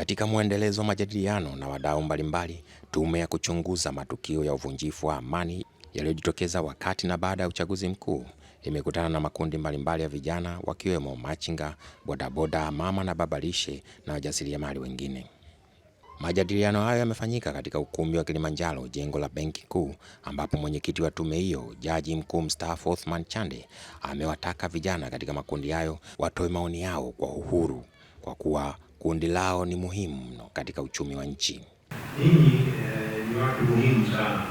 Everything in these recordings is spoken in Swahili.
Katika mwendelezo wa majadiliano na wadau mbalimbali, tume ya kuchunguza matukio ya uvunjifu wa amani yaliyojitokeza wakati na baada ya uchaguzi mkuu imekutana na makundi mbalimbali ya vijana wakiwemo machinga, bodaboda, mama na baba lishe na wajasiriamali wengine. Majadiliano hayo yamefanyika katika ukumbi wa Kilimanjaro, jengo la Benki Kuu, ambapo mwenyekiti wa tume hiyo, Jaji Mkuu mstaafu Othman Chande, amewataka vijana katika makundi hayo watoe maoni yao kwa uhuru kwa kuwa kundi lao ni muhimu mno katika uchumi wa nchi. Ninyi eh, ni watu muhimu sana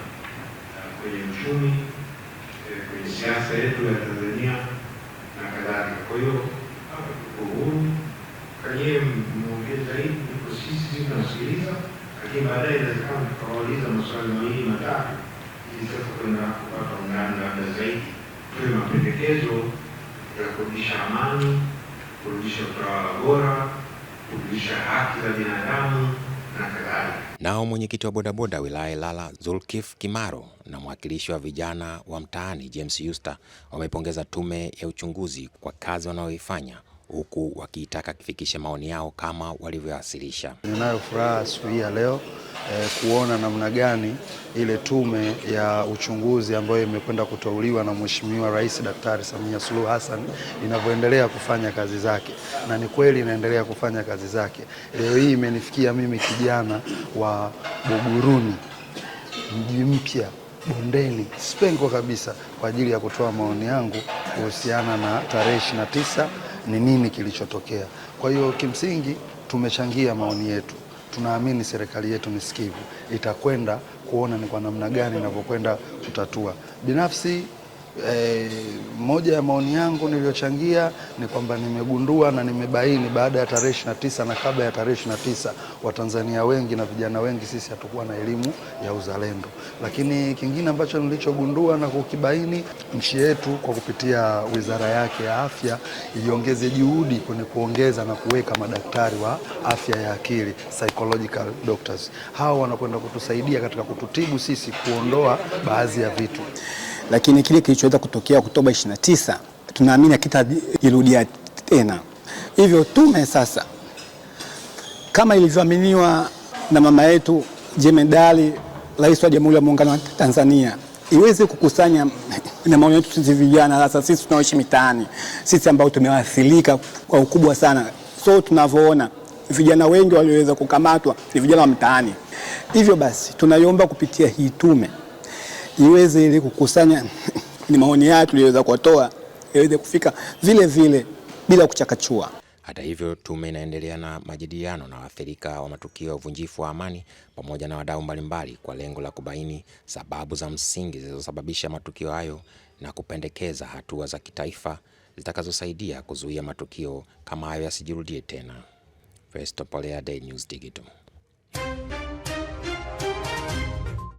eh, kwenye uchumi, eh, kwenye siasa yetu ya Tanzania na kadhalika. Kwa hiyo hapa tuko huru, kanyee mwongee zaidi kuliko sisi, tunasikiliza lakini baadaye inawezekana tukawauliza maswali mawili matatu ili sasa kwenda kupata undani labda zaidi, tuwe mapendekezo ya kurudisha amani, kurudisha utawala bora kudumisha haki za binadamu na kadhalika. Nao mwenyekiti wa bodaboda wilaya Ilala Zulkif Kimaro na mwakilishi wa vijana wa mtaani James Yusta wamepongeza tume ya uchunguzi kwa kazi wanayoifanya huku wakiitaka kifikishe maoni yao kama walivyowasilisha. Ninayo furaha siku hii ya leo eh, kuona namna gani ile tume ya uchunguzi ambayo imekwenda kuteuliwa na Mheshimiwa Rais Daktari Samia Suluhu Hassan inavyoendelea kufanya kazi zake, na ni kweli inaendelea kufanya kazi zake. Leo hii imenifikia mimi kijana wa Buguruni, mji mpya bondeni Spengo kabisa kwa ajili ya kutoa maoni yangu kuhusiana na tarehe 29 ni nini kilichotokea. Kwa hiyo kimsingi tumechangia maoni yetu. Tunaamini serikali yetu ni sikivu, itakwenda kuona ni kwa namna gani inavyokwenda kutatua. Binafsi E, moja ya maoni yangu niliyochangia ni kwamba nimegundua na nimebaini baada ya tarehe ishirini na tisa na kabla ya tarehe ishirini na tisa Watanzania wengi na vijana wengi sisi hatukuwa na elimu ya uzalendo. Lakini kingine ambacho nilichogundua na kukibaini, nchi yetu kwa kupitia wizara yake ya afya iongeze juhudi kwenye kuongeza na kuweka madaktari wa afya ya akili, psychological doctors. Hawa wanakwenda kutusaidia katika kututibu sisi, kuondoa baadhi ya vitu lakini kile kilichoweza kutokea Oktoba 29 tunaamini akitajirudia tena. Hivyo tume sasa, kama ilivyoaminiwa na mama yetu jemedali Rais wa Jamhuri ya Muungano wa Tanzania, iweze kukusanya na maoni yetu sisi vijana, sasa sisi tunaoishi mitaani, sisi ambao tumeathirika kwa ukubwa sana. So tunavyoona vijana wengi walioweza kukamatwa ni vijana wa mtaani. Hivyo basi tunaiomba kupitia hii tume iweze ili kukusanya ni maoni yayo tuliyoweza kuwatoa iweze kufika vile vile bila kuchakachua. Hata hivyo, tume inaendelea na majadiliano na waathirika wa matukio ya uvunjifu wa amani pamoja na wadau mbalimbali kwa lengo la kubaini sababu za msingi zilizosababisha matukio hayo na kupendekeza hatua za kitaifa zitakazosaidia kuzuia matukio kama hayo yasijirudie tena. Festo Polea, Daily News Digital.